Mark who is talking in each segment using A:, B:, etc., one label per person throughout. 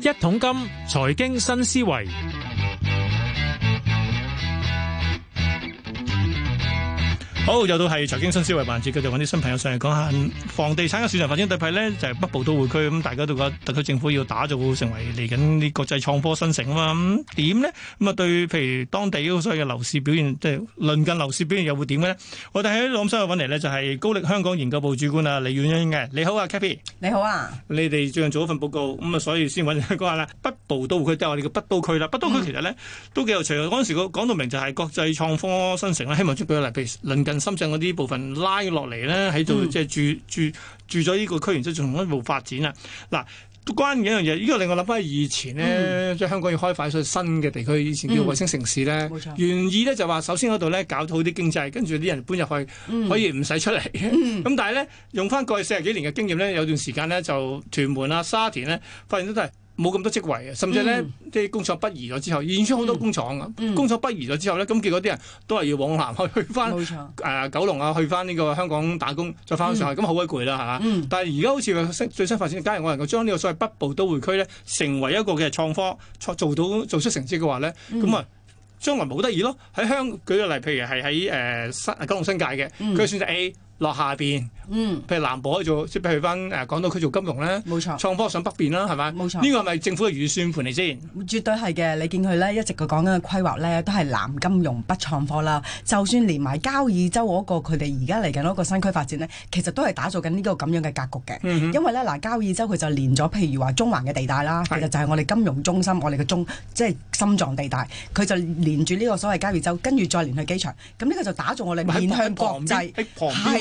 A: 一桶金，財經新思維。好，又到係財經新思維環節，佢就揾啲新朋友上嚟講下房地產嘅市場發展對派咧，就係北部都會區咁，大家都覺得特區政府要打造成為嚟緊啲國際創科新城啊嘛，咁點咧？咁啊、嗯，對譬如當地所謂嘅樓市表現，即係鄰近樓市表現又會點咧？我哋喺朗詩度揾嚟咧，就係高力香港研究部主管啊李婉茵嘅。你好啊，Kathy，
B: 你好啊，
A: 你哋最近做咗份報告咁啊，所以先揾你講下啦。北部都會區即係我哋叫北都區啦，北都區其實咧都幾有趣。嗰、嗯、陣時講到明就係國際創科新城啦，希望出個例，譬如鄰近。深圳嗰啲部分拉落嚟咧，喺度即係住、嗯、住住咗呢個區域，然之後進行一步發展啦。嗱、啊，關鍵一樣嘢，呢個令我諗翻，以前呢，即、嗯、係香港要開發出新嘅地區，以前叫衛星城市咧、嗯、冇錯，原意咧就話首先嗰度咧搞到好啲經濟，跟住啲人搬入去，可以唔使出嚟。咁、嗯嗯、但係咧，用翻過去四十幾年嘅經驗咧，有段時間咧就屯門啊、沙田咧，發現都都係。冇咁多職位啊，甚至咧即係、嗯、工廠不移咗之後，現出好多工廠啊、嗯嗯！工廠不移咗之後咧，咁結果啲人都係要往南去去翻、呃，九龍啊，去翻呢個香港打工，再翻上去，咁、嗯嗯、好鬼攰啦吓！但係而家好似佢最新發展，假如我能夠將呢個所謂北部都會區咧，成為一個嘅創科做到做出成績嘅話咧，咁、嗯、啊，將來冇得意咯！喺香港舉個例，譬如係喺新九龍新界嘅，佢選擇 A。落下邊，嗯，譬如南部可以做，即譬如翻誒港島區做金融咧，冇錯，創科上北邊啦，係咪？冇錯，呢、這個係咪政府嘅預算盤嚟先？
B: 絕對係嘅，你見佢咧一直佢講緊嘅規劃咧，都係南金融、北創科啦。就算連埋交椅洲嗰、那個佢哋而家嚟緊嗰個新區發展咧，其實都係打造緊呢個咁樣嘅格局嘅、嗯。因為咧嗱，交椅洲佢就連咗，譬如話中環嘅地帶啦，是其實就係我哋金融中心，我哋嘅中即係心臟地帶，佢就連住呢個所謂交椅洲，跟住再連去機場，咁呢個就打造我哋面向國際，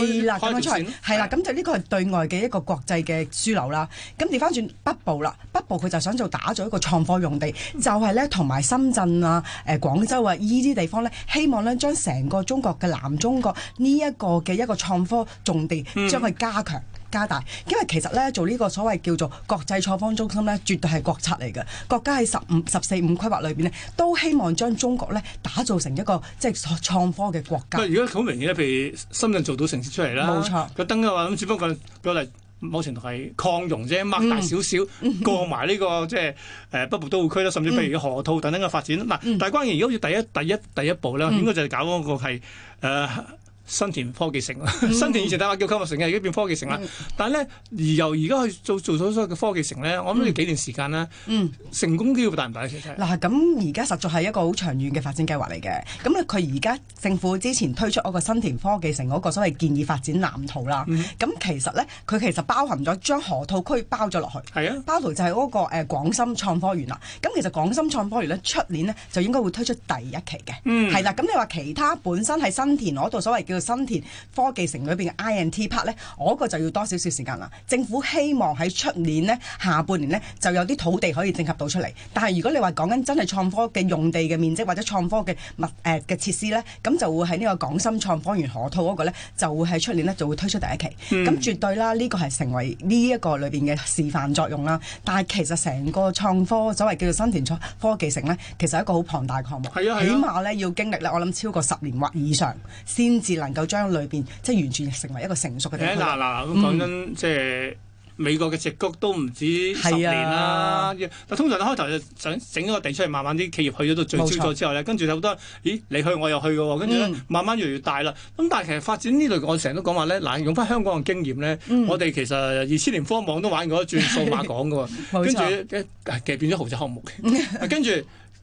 B: 係啦，講得出係啦，咁就呢個係對外嘅一個國際嘅樞紐啦。咁調翻轉北部啦，北部佢就想做打造一個創科用地，就係咧同埋深圳啊、誒廣州啊依啲地方咧，希望咧將成個中國嘅南中國呢一個嘅一個創科重地、嗯、將佢加強。加大，因為其實咧做呢個所謂叫做國際創科中心咧，絕對係國策嚟嘅。國家喺十五十四五規劃裏邊咧，都希望將中國咧打造成一個即係創科嘅國
A: 家。如果好明顯咧，譬如深圳做到城市出嚟啦，冇錯。個燈嘅話，咁只不過舉例，某程度係擴容啫，擘大少少、嗯、過埋呢、這個即係誒北部都會區啦，甚至譬如河套等等嘅發展嗱、嗯，但係關鍵如果要第一第一第一步咧、嗯，應該就係搞嗰個係新田科技城，嗯、新田以前大家叫購物城嘅，而家變科技城啦、嗯。但係咧，而由而家去做做咗所謂嘅科技城咧，我諗要幾段時間啦、嗯。成功機會大唔大？嗱，
B: 咁而家實在係一個好長遠嘅發展計劃嚟嘅。咁佢而家政府之前推出嗰個新田科技城嗰個所謂建議發展藍圖啦。咁、嗯、其實咧，佢其實包含咗將河套區包咗落去。係、嗯、啊，包嚟就係嗰個誒廣深創科園啦。咁其實廣深創科園咧，出年咧就應該會推出第一期嘅。嗯，係啦。咁你話其他本身係新田嗰度所謂叫新田科技城裏邊嘅 INT part 咧，我、嗰個就要多少少時間啦。政府希望喺出年呢，下半年呢就有啲土地可以整合到出嚟。但係如果你話講緊真係創科嘅用地嘅面積，或者創科嘅物誒嘅設施呢，咁就會喺呢個港深創科園河套嗰個咧就會喺出年呢就會推出第一期。咁、嗯、絕對啦，呢、呢個係成為呢一個裏邊嘅示範作用啦。但係其實成個創科所謂叫做新田創科技城呢，其實係一個好龐大嘅項目，啊啊、起碼呢要經歷咧，我諗超過十年或以上先至能。能夠將裏邊即係完全成為一個成熟嘅地方。嗱、嗯、嗱，咁講緊
A: 即係美國嘅矽谷都唔止十年啦、啊。但通常你開頭就想整咗個地出嚟，慢慢啲企業去咗都聚焦咗之後咧，跟住就好多咦你去我又去嘅喎，跟住慢慢越嚟越大啦。咁但係其實發展呢類我成日都講話咧，嗱用翻香港嘅經驗咧、嗯，我哋其實二千年科網都玩過一轉數碼港嘅喎，跟住 其實變咗豪宅項目，跟 住。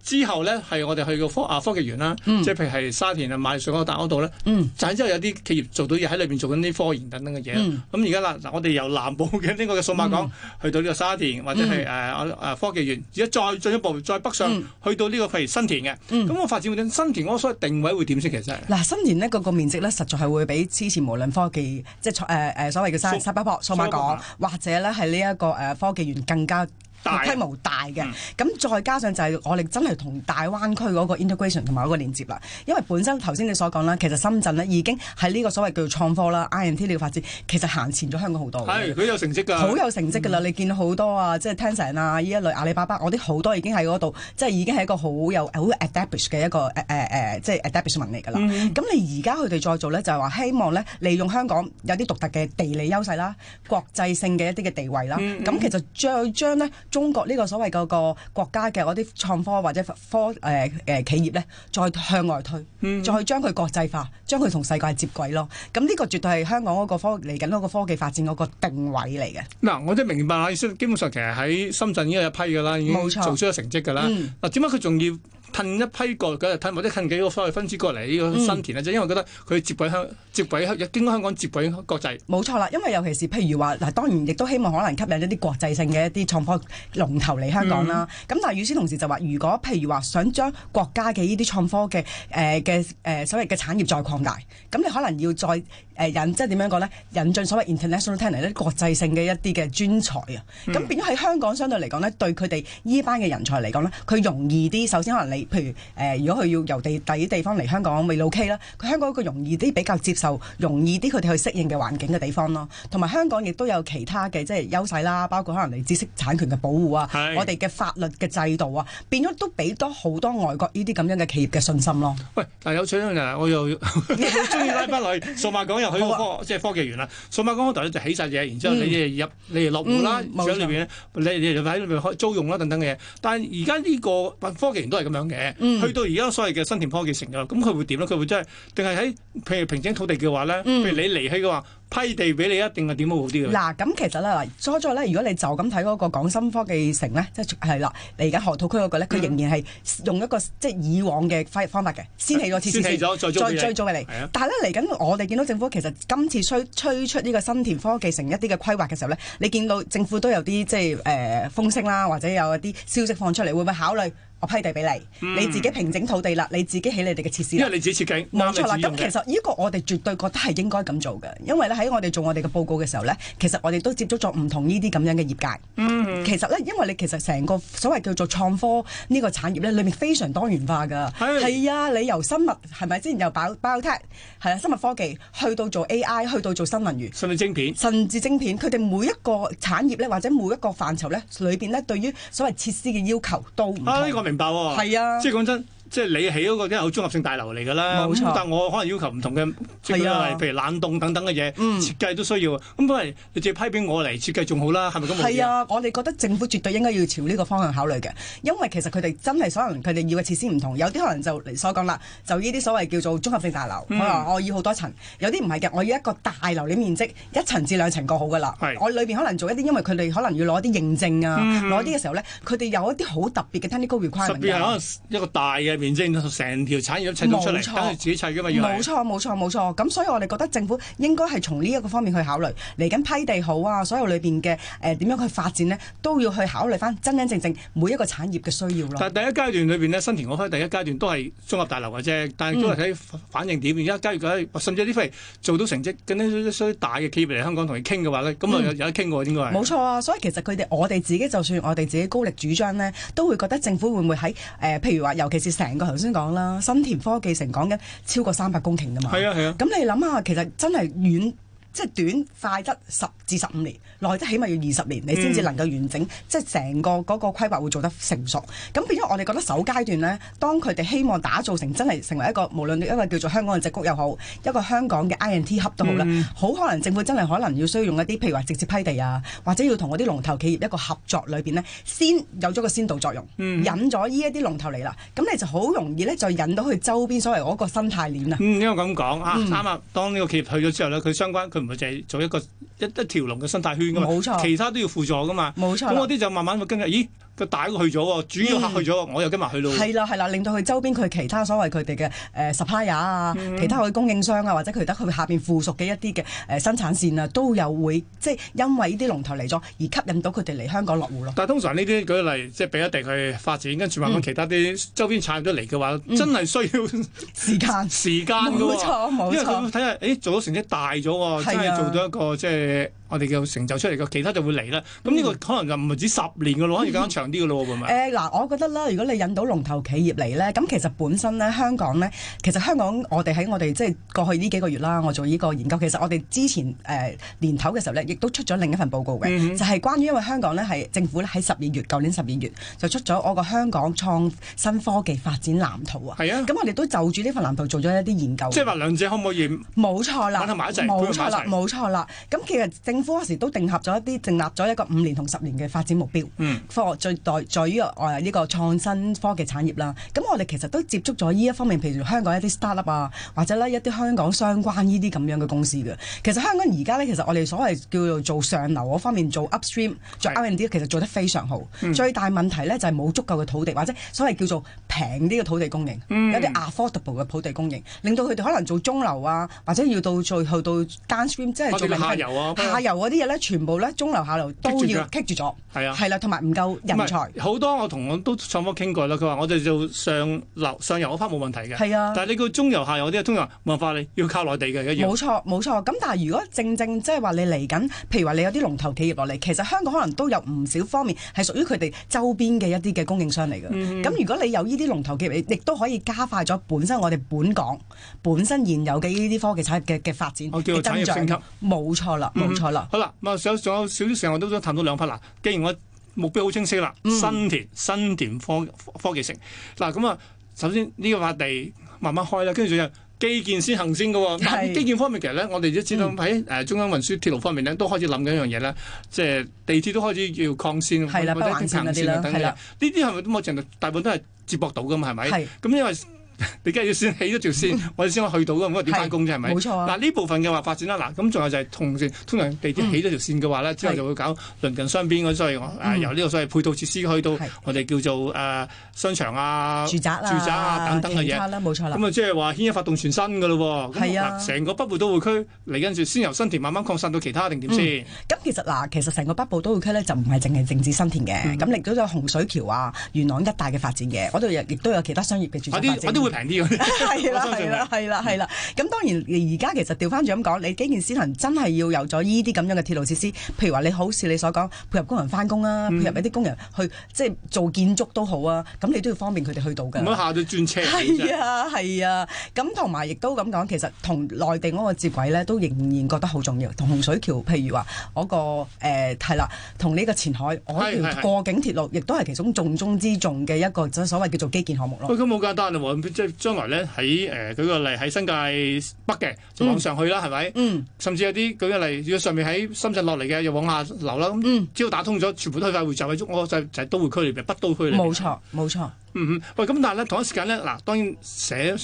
A: 之後咧，係我哋去個科啊科技園啦、嗯，即係譬如係沙田啊、買上角大嗰度咧，就係、嗯、之後有啲企業做到嘢喺裏邊做緊啲科研等等嘅嘢。咁而家啦，我哋由南部嘅呢個嘅數碼港、嗯、去到呢個沙田，或者係誒誒科技園，而家再進一步再北上、嗯、去到呢、呢個譬如新田嘅，咁、嗯、個發展會點、啊？新田嗰所謂定位會點先？其實
B: 嗱，新田呢個個面積咧，實在係會比之前無論科技即係誒誒所謂嘅沙沙巴博數碼港、港、啊、或者咧係呢一個誒科技園更加，規模大嘅，咁再加上就係我哋真係同大灣區嗰個 integration 同埋嗰個連結啦。因為本身頭先你所講啦，其實深圳咧已經喺呢個所謂叫做創科啦、I N T 呢個發展，其實行前咗香港好多嘅。係，
A: 佢有成績㗎。好有
B: 成績㗎啦、嗯！你見到好多、就是、啊，即係 Tencent 啊呢一類阿里巴巴，我啲好多已經喺嗰度，即係已經係一個好有好 establish 嘅一個誒、呃呃、即係 establishment 嚟㗎啦。咁、嗯、你而家佢哋再做咧，就係、是、話希望咧，利用香港有啲獨特嘅地理優勢啦、國際性嘅一啲嘅地位啦，咁、嗯、其實再將咧。中國呢個所謂嗰個國家嘅嗰啲創科或者科誒誒、呃、企業咧，再向外推，嗯、再將佢國際化，將佢同世界接軌咯。咁、嗯、呢、呢個絕對係香港嗰個科嚟緊嗰個科技發展嗰個定位嚟嘅。
A: 嗱，我都明白，基本上其實喺深圳已經有一批嘅啦，已經做出咗成績嘅啦。嗱，點解佢仲要褪一批過嚟褪或者褪幾個所謂分支過嚟呢個新田咧？就因為覺得佢接軌香。接軌香，香港接軌國際。
B: 冇錯啦，因為尤其是譬如話，嗱當然亦都希望可能吸引一啲國際性嘅一啲創科龍頭嚟香港啦。咁、嗯、但係與此同時就話，如果譬如話想將國家嘅呢啲創科嘅誒嘅誒所謂嘅產業再擴大，咁你可能要再誒引、呃，即係點樣講咧？引進所謂 international talent 咧，國際性嘅一啲嘅專才啊。咁、嗯、變咗喺香港相對嚟講咧，對佢哋呢班嘅人才嚟講咧，佢容易啲。首先可能你譬如誒、呃，如果佢要由地第啲地，地方嚟香港未老 K 啦，佢香港一個容易啲比較接。就容易啲，佢哋去適應嘅環境嘅地方咯。同埋香港亦都有其他嘅即係優勢啦，包括可能你知識產權嘅保護啊，我哋嘅法律嘅制度啊，變咗都俾多好多外國呢啲咁樣嘅企業嘅信心咯。喂，
A: 但有趣啦，我又好中意拉翻嚟數碼港又去科、啊、即係科技園啦。數碼港嗰度就起晒嘢，然之後你哋入、嗯、你哋落戶啦，上裏邊咧你、嗯、你喺裏邊租用啦等等嘅嘢。但係而家呢個科技園都係咁樣嘅、嗯，去到而家所謂嘅新田科技城啦，咁佢會點咧？佢會真係定係喺譬如平整土地？嘅話咧，譬如你離開嘅話，批地俾你一定係點好啲嗱。
B: 咁、嗯、其實咧，嗱，初初咧，如果你就咁睇嗰個港深科技城咧，即係係啦，嚟緊河套區嗰個咧，佢、嗯、仍然係用一個即、就是、以往嘅批方法嘅，先起咗次先起，再再做你再嚟、啊。但係咧，嚟緊我哋見到政府其實今次推推出呢個新田科技城一啲嘅規劃嘅時候咧，你見到政府都有啲即係誒風聲啦，或者有一啲消息放出嚟，會唔會考慮？批地俾你，你自己平整土地啦，你自己起你哋嘅設施啦。因
A: 為你自己設計，冇錯啦。咁其實
B: 呢個我哋絕對覺得係應該咁做嘅，因為咧喺我哋做我哋嘅報告嘅時候咧，其實我哋都接觸咗唔同呢啲咁樣嘅業界。嗯，其實咧，因為你其實成個所謂叫做創科呢個產業咧，裏面非常多元化㗎。係啊，你由生物係咪之前，又 bio bio tech 係啊，生物科技，去到做 AI，去到做新能源，甚至晶片，甚至晶片，佢哋每一個產業咧，或者每一個範疇咧，裏邊咧，對於所謂設施嘅要求都唔同。啊，呢個明。唔係、哦、啊，即係
A: 講真。即係你起嗰個啲係綜合性大樓嚟㗎啦，咁但我可能要求唔同嘅，即係、啊、譬如冷凍等等嘅嘢、嗯、設計都需要。咁不係你直接批俾我嚟設計仲好啦，係咪咁？係啊，
B: 我哋覺得政府絕對應該要朝呢個方向考慮嘅，因為其實佢哋真係可能佢哋要嘅設施唔同，有啲可能就嚟所講啦，就呢啲所謂叫做綜合性大樓，嗯、可能我要好多層，有啲唔係嘅，我要一個大樓嘅面積一層至兩層過好㗎啦。我裏邊可能做一啲，因為佢哋可能要攞啲認證啊，攞啲嘅時候咧，佢哋有一啲好特別嘅 technical requirement
A: 一個大嘅。廉政成條產業都湧出嚟，等佢自己砌嘅嘛。冇錯
B: 冇錯冇錯，咁所以我哋覺得政府應該係從呢一個方面去考慮，嚟緊批地好啊，所有裏邊嘅誒點樣去發展呢，都要去考慮翻真真正正每一個產業嘅需要咯。但
A: 係第一階段裏邊呢，新田我開第一階段都係綜合大樓嘅啫，但係都係睇反應點。而家假如佢甚至有啲譬如做到成績，更加啲大嘅企業嚟香港同佢傾嘅話呢，咁啊有、嗯、有得傾喎應該。冇
B: 錯啊，所以其實佢哋我哋自己就算我哋自己高力主張呢，都會覺得政府會唔會喺誒、呃、譬如話，尤其是成個頭先講啦，新田科技城講緊超過三百公頃啫嘛，係啊係啊，咁、啊、你諗下，其實真係遠。即係短快得十至十五年，耐得起碼要二十年，你先至能夠完整，嗯、即係成個嗰個規劃會做得成熟。咁變咗我哋覺得首階段呢，當佢哋希望打造成真係成為一個無論一個叫做香港嘅脊骨又好，一個香港嘅 INT hub 都好啦，好、嗯、可能政府真係可能要需要用一啲譬如話直接批地啊，或者要同嗰啲龍頭企業一個合作裏面呢，先有咗個先導作用，嗯、引咗呢一啲龍頭嚟啦，咁你就好容易呢，就引到佢周邊所謂嗰個生態鏈啊。
A: 嗯，因為咁講啊，三、嗯、啊，當呢個企業去咗之後呢，佢相關佢。咪就係做一個一一條龍嘅生態圈㗎嘛，冇錯，其他都要輔助㗎嘛，冇
B: 錯，咁嗰啲
A: 就慢慢會跟住。咦？佢大個去咗喎，主要客去咗、嗯，我又今日去到。係
B: 啦、啊，係啦、啊，令到佢周邊佢其他所謂佢哋嘅誒、呃、supplier 啊、嗯，其他佢供應商啊，或者佢得佢下邊附屬嘅一啲嘅誒生產線啊，都有會即係因為呢啲龍頭嚟咗而吸引到佢哋嚟香港落戶咯。
A: 但係通常呢啲舉例，即係俾一定去發展，跟住慢慢其他啲周邊產業都嚟嘅話，嗯、真係
B: 需要、嗯、 時間時間冇錯，冇錯。因為睇下，誒、
A: 欸、做到成績大咗，先至、啊、做到一個即係。我哋嘅成就出嚟嘅，其他就會嚟啦。咁呢個可能就唔係止十年嘅咯，而家長啲嘅咯喎，
B: 會唔會？誒嗱，我覺得啦，如果你引到龍頭企業嚟咧，咁其實本身咧，香港咧，其實香港我哋喺我哋即係過去呢幾個月啦，我做呢個研究，其實我哋之前誒、呃、年頭嘅時候咧，亦都出咗另一份報告嘅、嗯，就係、是、關於因為香港咧係政府喺十二月，舊年十二月就出咗我個香港創新科技發展藍圖啊。係啊！咁我哋都就住呢份藍圖做咗一啲研究。即係話兩者可唔可以？冇錯啦，挽合埋一齊，冇錯啦，冇錯啦。咁其實政嗰時都定合咗一啲定立咗一個五年同十年嘅發展目標。科學最代在於呢個創新科技產業啦。咁我哋其實都接觸咗呢一方面，譬如香港一啲 startup 啊，或者呢一啲香港相關呢啲咁樣嘅公司嘅。其實香港而家呢，其實我哋所謂叫做做上流嗰方面做 upstream 做 R and D 其實做得非常好。嗯、最大問題呢，就係、是、冇足夠嘅土地，或者所謂叫做平啲嘅土地供應，嗯、有啲 affordable 嘅土地供應，令到佢哋可能做中流啊，或者要到最後到 downstream，即係下游啊。由嗰啲嘢咧，全部咧中流下流都要棘住咗，係啊，係啦、啊，同埋唔夠人才，
A: 好多我同我都創科傾過啦，佢話我哋就上流上游嗰 part 冇問題嘅，係啊，但係你個中游下游嗰啲啊，通常冇辦法你要靠內地嘅一樣，冇錯
B: 冇錯。咁但係如果正正即係話你嚟緊，譬如話你有啲龍頭企業落嚟，其實香港可能都有唔少方面係屬於佢哋周邊嘅一啲嘅供應商嚟嘅。咁、嗯、如果你有呢啲龍頭企業，亦都可以加快咗本身我哋本港本身現有嘅呢啲科技產業嘅嘅發展嘅增長，冇錯啦，冇、嗯、錯。好啦，
A: 咁啊，仲有仲有少少時間，我都想探到兩匹啦。既然我目標好清晰啦、嗯，新田新田科科技城嗱，咁啊，首先呢個塊地慢慢開啦，跟住仲有基建先行先㗎。基建方面其實咧，我哋都始終喺誒中央運輸鐵路方面咧，都開始諗緊一樣嘢咧，即係地鐵都開始要擴線、或者擴線等等。呢啲係咪都目前大部分都係接駁到㗎嘛？係咪？咁因為。 你梗係要先起咗條線，嗯、我哋先可去到嘅，唔好點翻工啫，係咪？冇錯啊啊。嗱呢部分嘅話發展啦，嗱咁仲有就係同通常地鐵起咗條線嘅話咧、嗯，之後就會搞鄰近雙邊嗰啲，我誒、呃嗯、由呢個所謂配套設施去到我哋叫做誒、呃嗯、商場啊、住宅啊、住宅啊等等嘅嘢。冇錯啦。咁啊，即係話牽一發動全新嘅咯喎。係啊。成個北部都會區嚟緊住先由新田慢慢擴散到其他定點先。
B: 咁、嗯、其實嗱，其實成個北部都會區咧就唔係淨係淨止新田嘅，咁另外都有洪水橋啊、元朗一帶嘅發展嘅，我度亦都有其他商業嘅。有、啊、啲、啊啊啊平啲係啦係啦係啦係啦。咁、 嗯嗯、當然而家其實調翻轉咁講，你基建先行真係要有咗呢啲咁樣嘅鐵路設施，譬如話你好似你所講，配合工人翻工啊，嗯、配合一啲工人去即係做建築都好啊，咁你都要方便佢哋去到㗎。咁下咗轉車，係啊係啊。咁同埋亦都咁講，其實同內地嗰個接軌咧，都仍然覺得好重要。同洪水橋譬如話嗰、那個嗰個誒係啦，同、呃、呢個前海，條過境鐵路亦都係其中重中之重嘅一個即所謂叫做基建項目咯。喂，咁
A: 好簡單啊！即係將來咧喺誒舉個例，喺新界北嘅就往上去啦，係、嗯、咪？嗯，甚至有啲舉個例，如果上面喺深圳落嚟嘅又往下流啦。嗯，只要打通咗，全部開發會集，喺中，我就就是、係都會區嚟嘅，北都會區嚟嘅。冇
B: 錯，冇錯。嗯
A: 嗯，喂，咁但係咧同一時間咧嗱，當然寫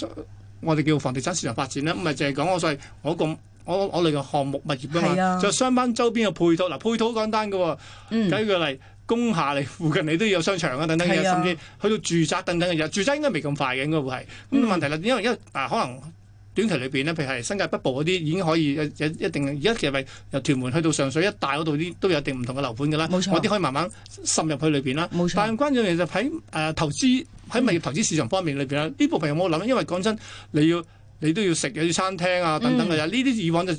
A: 我哋叫房地產市場發展啦，唔係淨係講我所我個我我哋嘅項目物業的啊嘛，就相關周邊嘅配套。嗱配套好簡單嘅喎，舉、嗯、個例。工廈你附近你都要有商場等等啊，等等甚至去到住宅等等嘅嘢。住宅應該未咁快嘅，應該會係咁、嗯、問題啦。因為一啊可能短期裏邊咧，譬如係新界北部嗰啲已經可以有一定。而家其實係由屯門去到上水一帶嗰度啲都有一定唔同嘅樓盤㗎啦。冇錯，我哋可以慢慢滲入去裏邊啦。冇錯。但係關鍵嘅就喺誒、呃、投資喺物業投資市場方面裏邊咧，呢、嗯、部分有冇諗咧？因為講真，你要你都要食有啲餐廳啊，等等嘅呢啲以往就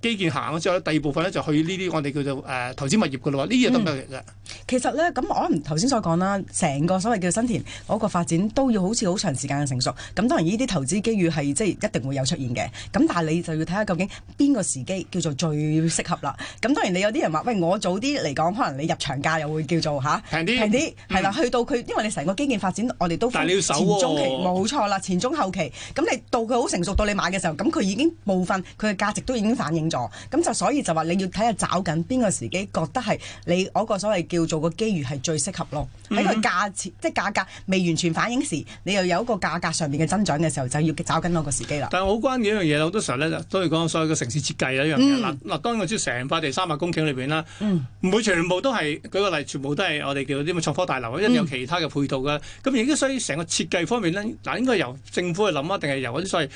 A: 基建行咗之後，第二部分咧就去呢啲我哋叫做誒、呃、投資物業㗎啦。冇錯，呢啲得唔得嘅？嗯嗯。
B: 其實咧，咁我頭先所講啦，成個所謂叫做新田嗰個發展都要好似好長時間嘅成熟。咁當然呢啲投資機遇係即係一定會有出現嘅。咁但係你就要睇下究竟邊個時機叫做最適合啦。咁當然你有啲人話，喂，我早啲嚟講，可能你入場價又會叫做，吓，平啲，平啲係啦。去到佢因為你成個基建發展，我哋都前中期冇、啊、錯啦，前中後期。咁你到佢好成熟到你買嘅時候，咁佢已經部分佢嘅價值都已經反映咗。咁就所以就話你要睇下找緊邊個時機，覺得係你嗰個所謂叫。要做個機遇係最適合咯，喺個價錢即係價格未完全反映時，你又有一個價格上面嘅增長嘅時候，就要找緊嗰個時機啦。
A: 但係好關鍵一樣嘢，好多時候咧，都係講所以所謂個城市設計啦，一樣嘢。嗱、嗯、嗱，當然我知成塊地三百公頃裏邊啦，唔、嗯、會全部都係。舉個例，全部都係我哋叫啲乜創科大樓，一定有其他嘅配套嘅。咁亦都所以成個設計方面咧，嗱應該由政府去諗啊，定係由嗰啲所謂？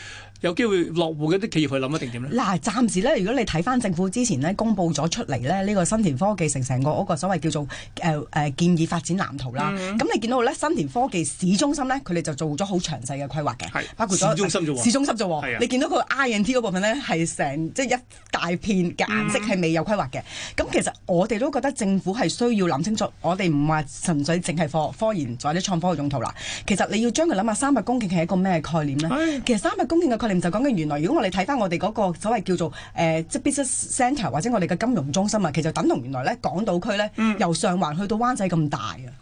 A: 有機會落戶嘅啲企業去諗一定點咧？嗱、
B: 啊，暫時咧，如果你睇翻政府之前咧公佈咗出嚟咧，呢、這個新田科技城成個嗰個所謂叫做誒誒、呃、建議發展藍圖啦，咁、嗯嗯、你見到咧新田科技市中心咧，佢哋就做咗好詳細嘅規劃嘅，包括市、那個、中心啫喎，市中心啫喎、啊，你見到佢 I N T 嗰部分咧係成即係一大片嘅顏色係未有規劃嘅，咁、嗯嗯、其實我哋都覺得政府係需要諗清楚，我哋唔話純粹淨係科科研或者創科嘅用途啦，其實你要將佢諗下三百公頃係一個咩概念咧？其實三百公頃嘅概念。就講緊，原來如果我哋睇翻我哋嗰個所謂叫做誒、呃、即係 business center 或者我哋嘅金融中心啊，其實等同原來咧，港島區咧由上環去到灣仔咁大啊。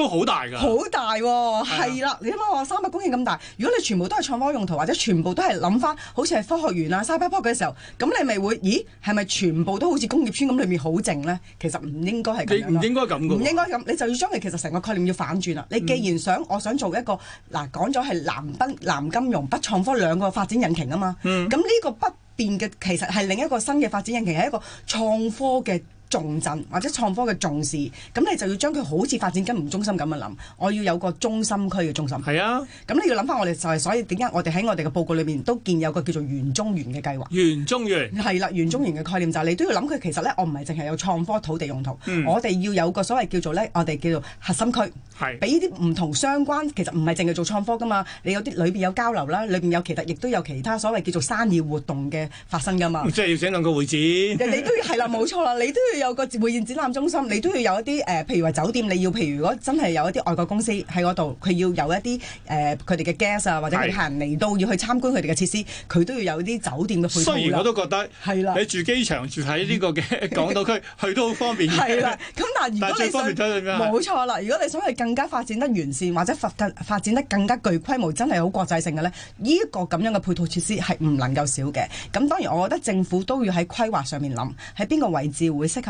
B: 都好大噶、啊，好大喎、啊，係啦、啊啊，你諗下，話三百公里咁大，如果你全部都係創科用途，或者全部都係諗翻好似係科學園啊、cyber park 嘅時候，咁你咪會，咦，係咪全部都好似工業村咁裏面好靜呢？其實唔應該係咁樣咯、啊，唔應該咁嘅、啊，唔應該咁，你就要將佢其實成個概念要反轉啊！你既然想我想做一個嗱，講咗係南金南金融北創科兩個發展引擎啊嘛，咁、嗯、呢個不變嘅其實係另一個新嘅發展引擎，係一個創科嘅。重鎮或者創科嘅重視，咁你就要將佢好似發展金融中心咁樣諗，我要有個中心區嘅中心。係啊，咁你要諗翻我哋就係所以點解我哋喺我哋嘅報告裏面都建有個叫做園中園嘅計劃。園中園係啦，園中園嘅概念就係、是、你都要諗佢其實咧，我唔係淨係有創科土地用途，嗯、我哋要有個所謂叫做咧，我哋叫做核心區，係俾啲唔同相關，其實唔係淨係做創科㗎嘛。你有啲裏邊有交流啦，裏邊有其實亦都有其他所謂叫做生意活動嘅發生㗎嘛。即、就、係、是、
A: 要請兩個會展，
B: 你都要係啦，冇錯啦，你都要。有個會展展覽中心，你都要有一啲誒、呃，譬如話酒店，你要譬如如果真係有一啲外國公司喺嗰度，佢要有一啲誒佢哋嘅 guest 啊，或者其他客人嚟到要去參觀佢哋嘅設施，佢都要有啲酒店嘅配套。雖然我都覺得係啦，你
A: 住機場住喺呢個嘅港島區， 去都好方便。係啦，
B: 咁但係如果你想冇錯啦，如果你想去更加發展得完善，或者發、發展得更加具規模，真係好國際性嘅咧，呢、呢個咁樣嘅配套設施係唔能夠少嘅。咁當然我覺得政府都要喺規劃上面諗，喺邊個位置會適合。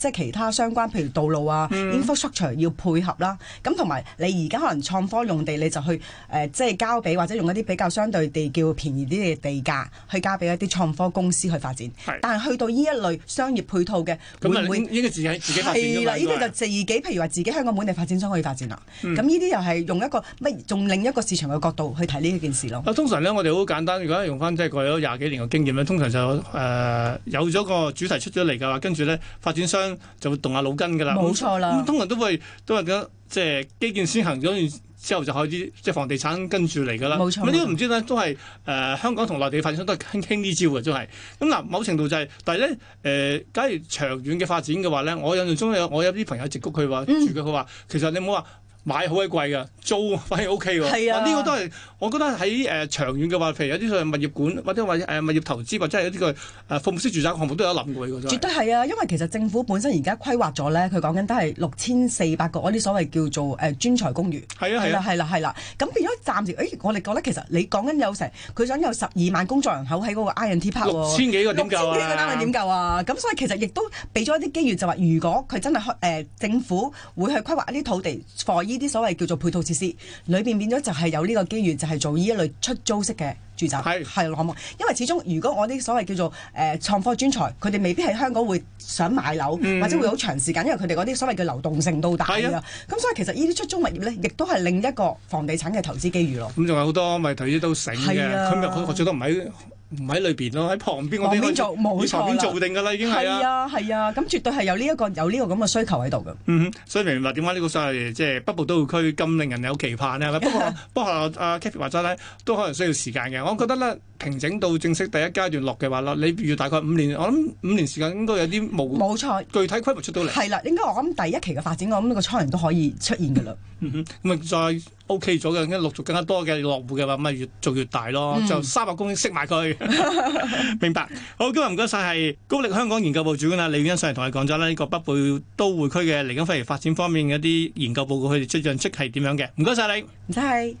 B: 即係其他相關，譬如道路啊、嗯、infrastructure 要配合啦。咁同埋你而家可能創科用地，你就去即係、呃就是、交俾或者用一啲比較相對地叫便宜啲嘅地價去交俾一啲創科公司去發展。但係去到呢一類商業配套嘅，咁唔
A: 應該自己自己發展嘅啦，呢、啊、啲、
B: 這個、就自己，譬如話自己香港本地發展商去可以發展啦。咁呢啲又係用一個乜？用另一個市場嘅角度去睇呢一件事咯。
A: 通常咧，我哋好簡單，如果用翻即係過咗廿幾年嘅經驗咧，通常就誒、呃、有咗個主題出咗嚟嘅話，跟住咧發展商。就會動下腦筋噶啦，冇錯啦。咁通常都會都係咁，即、就、係、是、基建先行咗之後就可以啲即係房地產跟住嚟噶啦，冇錯。咁呢個唔知咧，都係誒、呃、香港同內地的發展商都係傾傾呢招嘅，都係。咁、就、嗱、是嗯，某程度就係、是，但係咧誒，假如長遠嘅發展嘅話咧，我印象中有我有啲朋友直谷佢話住嘅佢話，其實你唔好話。買好鬼貴㗎，租反而 O K 㗎。呵呵 okay、係啊，呢、這個都係，我覺得喺誒、呃、長遠嘅話，譬如有啲嘅物業管或者話誒物業投資或者一啲嘅誒服務式住宅項目都有諗過嘅啫。絕對係
B: 啊，因為其實政府本身而家規劃咗咧，佢講緊都係六千四百個，嗰啲所謂叫做誒專才公寓。係啊，係啦、啊，係啦，係啦。咁變咗暫時，誒、哎、我哋覺得其實你講緊有成，佢想有十二萬工作人口喺嗰個 I and T park。六千幾個點夠啊？六千幾個單位點夠啊？咁所以其實亦都俾咗一啲機遇，就話如果佢真係開、呃、政府會去規劃啲土地呢啲所謂叫做配套設施，裏邊變咗就係有呢個機遇，就係、是、做呢一類出租式嘅住宅，係好冇？因為始終如果我啲所謂叫做誒、呃、創科專才，佢哋未必喺香港會想買樓，嗯、或者會好長時間，因為佢哋嗰啲所謂嘅流動性都大㗎。咁所以其實呢啲出租物業咧，亦都係另一個房地產嘅投資機遇咯。
A: 咁仲有好多咪投資都醒嘅，佢咪我最多唔係。唔喺裏面咯，喺旁邊嗰啲，你旁，旁邊做定㗎啦。係啊，
B: 係啊，咁絕對係有呢、這、一個有呢個咁嘅需求喺度嘅。嗯
A: 哼，所以明白點解呢個所謂即係、就是、北部都會區咁令人有期盼咧。不過 不過阿、啊、Kathy 話齋咧，都可能需要時間嘅。我覺得咧。平整到正式第一階段落嘅話啦，你預大概五年，我諗五年時間應該有啲冇。冇錯，具體規劃出到嚟。係
B: 啦，應該我諗第一期嘅發展，我諗呢個雛形都可以出現嘅啦。咁、 嗯、哼，咪再 OK
A: 咗嘅，跟住陸續更加多嘅落戶嘅話，咪越做越大咯，就三百公頃塞埋佢。 明白。好，今日唔該晒係高力香港研究部主管啦李婉茵，你上嚟同你講咗啦，呢、這個北部都會區嘅嚟緊譬如發展方面嘅一啲研究報告，佢哋出樣即係點樣嘅？唔該晒你，唔
B: 該。